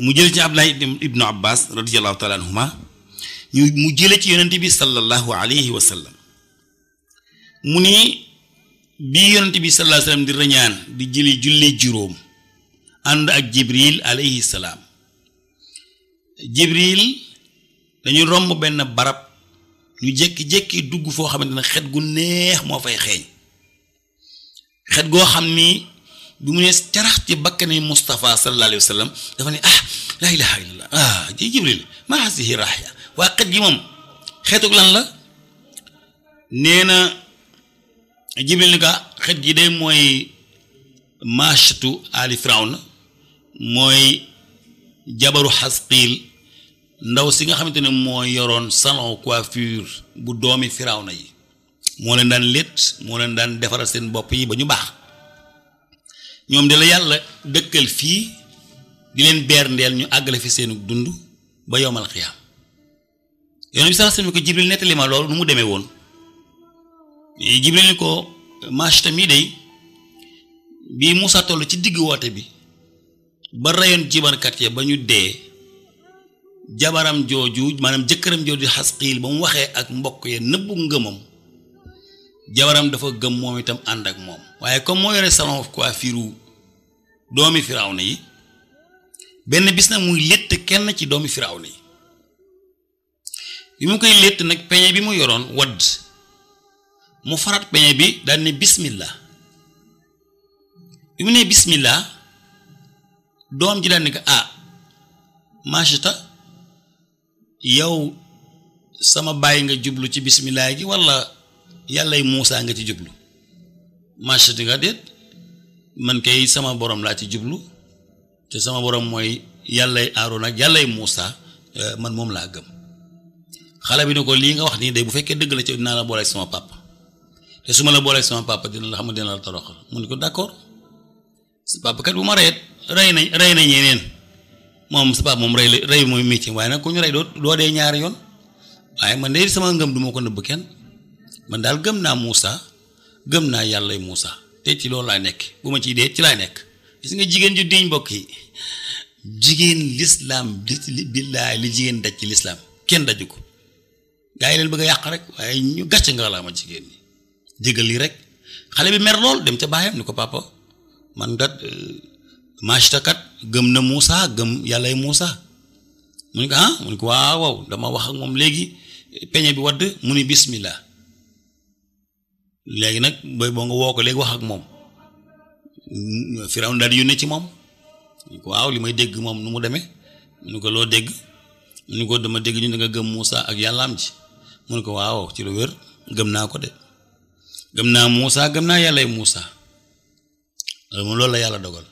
mu jële ci ablaay ibnu abbas radiallahu taala anhuma ñu mu jële ci yonent bi sallallahu alayhi wa sallam mu ni bi yonent bi sallallahu alayhi di rëñaan di jëli julli juróom ànd ak jibril alayhi salaam jibril dañu romb benn barab ñu jékki-jékki dugg foo xamante ne xet gu neex moo fay xeeñ xet goo xam ni bi mu ne carax ci bakkani Moustapha sallallahu alayhi wa dafa ne ah, laa ilaha illallah ah jibril maa hasihi raxiya waa xet gi moom xeetug lan la nee na jibil ni ah, xet gi de mooy machetu ali na mooy jabaru xasqiil ndaw si nga xamante ne moo yoroon salon coiffure bu doomi na yi moo leen daan létt moo leen daan defaral seen bopp yi ba ñu baax ñoom de la yàlla dëkkal fii di leen beer ndeel ñu àggale fi seenu dund ba yowmal xiyaam yoon bi sallallahu alayhi wasallam ko jibril nettali ma lool nu mu demee woon eh, jibril ni ko machta mii day bi Moussa toll ci diggu woote bi ba reyoon jibarkat ya ba ñu dee jabaram jooju maanaam jëkkëram jooju xasqiil ba mu waxee ak mbokk ya nëbbu ngëmam jabaram dafa gëm moom itam ànd ak moom waaye comme moo yore salon coiffure doomi na yi benn bis nag muy létt kenn ci doomi firaw firawna yi bi mu koy létt nag peñe bi mu yoroon wadd mu faraat peñe bi daal ne bismillah bi mu nee bismillah doom ji daal ne ko ah machita yow sama bàyyi nga jublu ci bismillah gi wala yàllay muusaa nga ci jublu machita nga déet man kay sama borom laa ci jublu te sama borom mooy yàllay aaroon ak yàllay muusaa eh, man moom laa gëm xale bi ne ko lii nga wax nii de bu fekkee dëgg la ci dinaa la booleeg sama papa te su ma la booleeg sama papa la xam ne dina la toroxal mu ko d'accord sa papa bu ma reet rey nañ rey nañ ñeneen moom sa moom rey la rey mooy métier waaye nag ku ñu rey doo doo dee ñaari yoon waaye man de sama ngëm du ma ko nëbb kenn man daal gëm naa Moussa gëm naa yàlla Moussa te ci loolu laa nekk bu ma ci dee ci laa nekk gis nga jigéen ju diñ mbokk yi jigéen lislaam li billaay li jigéen daj ci lislaam kenn daju ko gaa yi leen bëgg a yàq rek waaye ñu gàcce nga laa ma jigéen ñi jégal lii rek xale bi mer lool dem ca baayam ni ko papa man dat machtakat euh, gëm na Moussa gëm yàllay Moussa mu ni ko ah? ko waaw dama wax ak moom léegi peñe bi wadd mu ni bismillah léegi nag booy boo nga woo ko léegi wax ak moom firawn daal yónnee ci moom ko waaw li may dégg moom nu mu demee mu ni ko loo dégg mu ni ko dama dégg ñu ne nga gëm Moussa ak yàllaam ji mu ne ko waaw ci lu wér gëm naa ko de gëm naa Moussa gëm naa yàllay Moussa loolu la yàlla dogal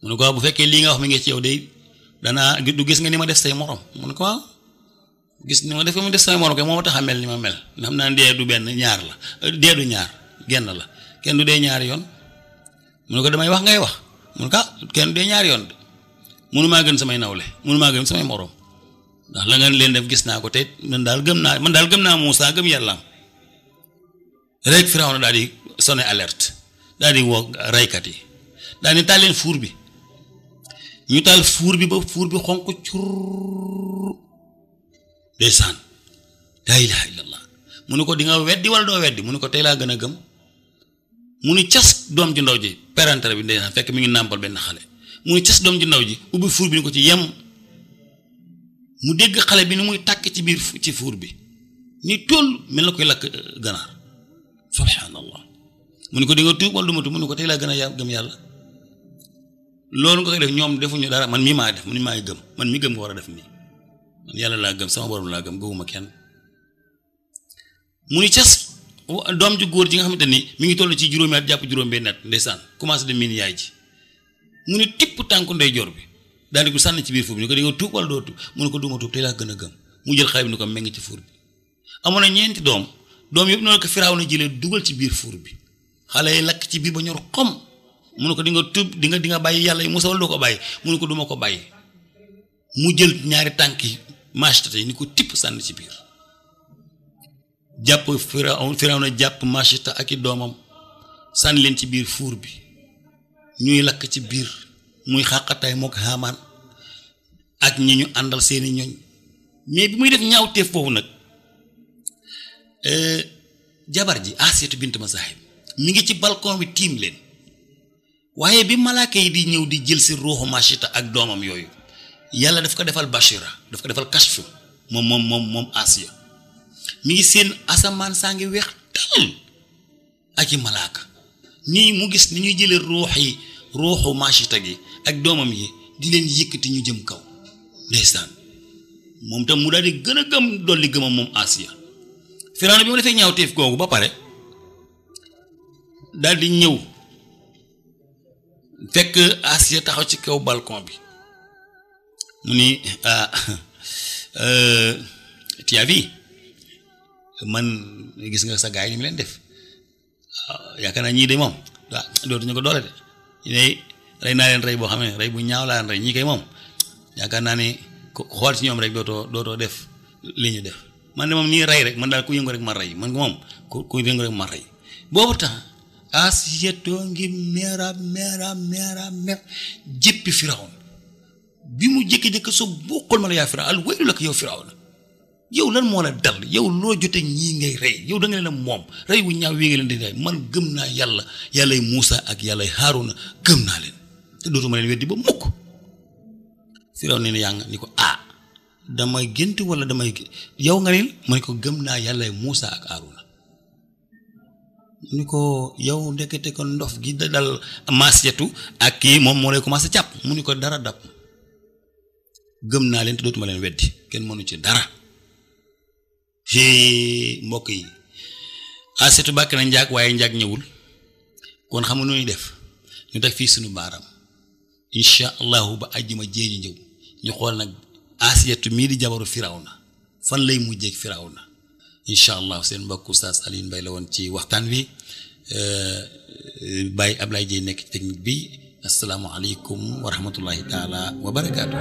mu ne ko waaw bu fekkee lii nga wax mi ngi ci yow de danaa du gis nga ni ma def say morom mu ko waaw gis ni ma def mu def say morom kay moo ma mel ni ma mel xam naa dee du benn ñaar la euh, dee du ñaar genn la kenn du dee yoon mu ko damay wax ngay wax mu ne ko ah kenn du dee ñaari yoon de mënumaa gën samay nawle mënumaa gën samay morom. ndax la ngeen leen def gis naa ko te man daal gëm naa man daal gëm naa Moussa gëm yàlla daal di sonné alerte daal di woog raykat yi daal di taal leen fuur bi ñu taal fuur bi ba fuur bi xonq cur ndeysaan laa ilaha illallah mu ne ko di nga weddi wala doo weddi mu ne ko tey laa gën a gëm mu ne cas doom ji ndaw ji parentere bi ndeysaan fekk mi ngi nàmpal benn xale mu ne cas doom ji ndaw ji ubbi fuur bi ni ko ci yem mu dégg xale bi ni muy tàkk ci biir ci fuur bi ni toll mel na koy lakk euh, ganaar subhanallah mu ne ko di nga tuub wala mu ne ko tey laa gën a yaa gëm yàlla loolu nga koy def ñoom defuñu dara man mii maa def man mii gëm man mi gëm ko war a def nii man yàlla laa gëm sama borom laa gëm gëwuma kenn mu ni cas doom ji góor ji nga xamante ni mu ngi toll ci juróomi at jàpp juróom benn at ndeysaan commencé de miin yaay ji mu ni tipp tànku ndeyjoor bi daal di ko sànni ci biir fuur bi ni ko di nga tuub wala doo tuub mu ne ko duma tuub te laa gën a gëm mu jël xale bi ni ko meng ci fuur bi amoon na ñeenti doom doom yëpp noonu ko firaaw na jëlee dugal ci biir fuur bi xale yi lakk ci biir ba ñor xom mu ko di nga tuub di nga di nga bàyyi yàlla yi Musa wala ko bàyyi ko duma mu jël ñaari tànk yi machete yi ni ko tipp sànni ci biir jàpp firaaw firaaw na jàpp machete ak i doomam sànni leen ci biir fuur bi ñuy lakk ci biir muy xàqataay mook xaamaan ak ñi ñu àndal seeni ñooñ mais bi muy def ñaawteef foofu nag euh, jabar ji Asiyatu bint Mazaahib mi ngi ci balcon bi tiim leen waaye bi malaaka yi di ñëw di jël si ruuxu Machita ak doomam yooyu yàlla daf ko defal Bachira daf ko defal kashfu moom moom Asiya mi ngi seen asamaan saa ngi weex tal ak i malaaka nii mu gis ni ñuy jëlee ruux ruuxu Machita gi ak doomam yi di leen yëkkati ñu jëm kaw ndeysaan moom tam mu daal di gën a gëm dolli gëmam moom Asiya Firawna bi mu defee téef googu ba pare daal di ñëw fekk Asiya taxaw ci kaw balkon bi mu ni ah euh, Tiavi man gis nga sa gaay yi ni mu leen def ah, yaakaar naa ñii de moom waaw ah, dootuñu ko doole de rey naa rey boo xam ne bu ñaaw laa rey ñii kay moom yaakaar naa ni ko xool ci ñoom rek dootoo dootoo def li ñu def man de moom nii rey rek man daal ku rek ma rey man moom ku ma rey boobu temps Asiyatu ngi mera mera bi mu jékki-jékki soo bokkul yow Firawna yow lan moo la dal yow loo jotee ñii ngay rey yow da leen moom rey wu ñaaw wi leen di rey man gëm naa yàlla yàllay Muusa ak yàllay Haaruna gëm naa leen te dootuma leen weddi ba mukk firaw ne yàng ni ko ah damay gént wala damay yow nga nil mu ne ko gëm naa yàlla Muusa ak Aaruna mu ni ko yow ndekkete ko ndof gi da dal maasiyatu ak kii moom moo lay commencé càpp mu ni ko dara dab gëm naa leen te dootuma leen weddi kenn mënu ci dara mbokk yi asetu bàkk na njaag waaye njaag ñëwul kon xam nga nu def ñu teg fii sunu baaram incha allahu ba àjjuma jee ñu ñëw ñu xool nag asiyatu mii di jabaru firawna fan lay mujjeeg na incha allah seen mbokk oustaz Alioune Mbaye la woon ci waxtaan wi euh, ab Ablaye Dieye nekk ci technique bi asalaamualeykum aleykum rahmatullahi taala wa barakaatu.